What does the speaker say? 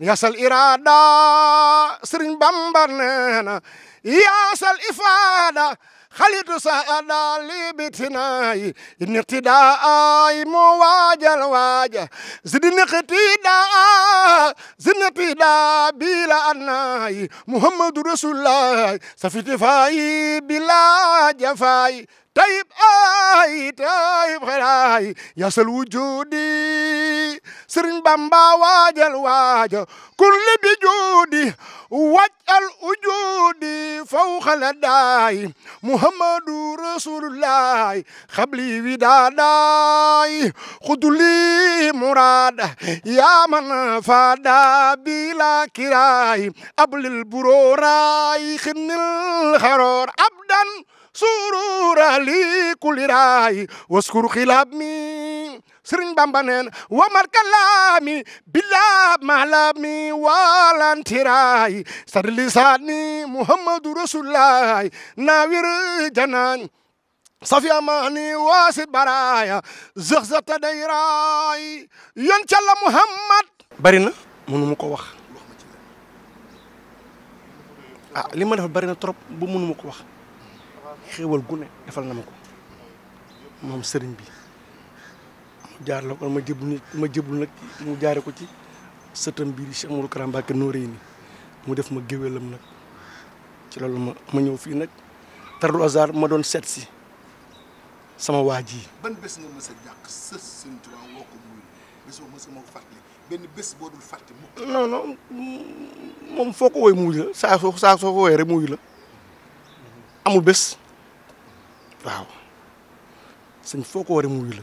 yaasal iraada sëriñ bamba nee na yaasal ifaada xalitu saada libitinayi niqtidaay moo waajal waaja zidi niqtidaa zinqtida bila annayi muhammadu rasulullah safitifayi bila jafayi tayib ay tayib xelayi yaasal wujudi sëriñ bamba waajal waaja kulli bi juudi wajal ujuudi fawxala daay muhammadu rasulullahi xabli widaadaay xuduli murada yaa man faada bila kiraay ablil buróoraay xinnil xaroor abdan surura li kulli raay waskur xilaab mi sëriñ bamba neen wamal kalaami bila malami walantiraay sar lisaani muhammadu rasulullaay naawir janaan safi amaani waasit baraaya zëxzata day raay yon calla muhammad bari na mënu ko wax ah li ma defal bari na trop bu mënu ma ko wax xéewal gu ne defal na ma ko bi jaar la kon ma jëblu nit ma jëblu nag mu jaare ko ci sëtam bii Cheikh Amadou def ma géwélam nag ci loolu ma ma ñëw fii nag tardu ma doon seet si sama waa ji ban bés nga mës a jàq sës seen tubaab woo ko bés boo soo ko wooyee rek amul bés waaw sëñ foo ko wooyee muy la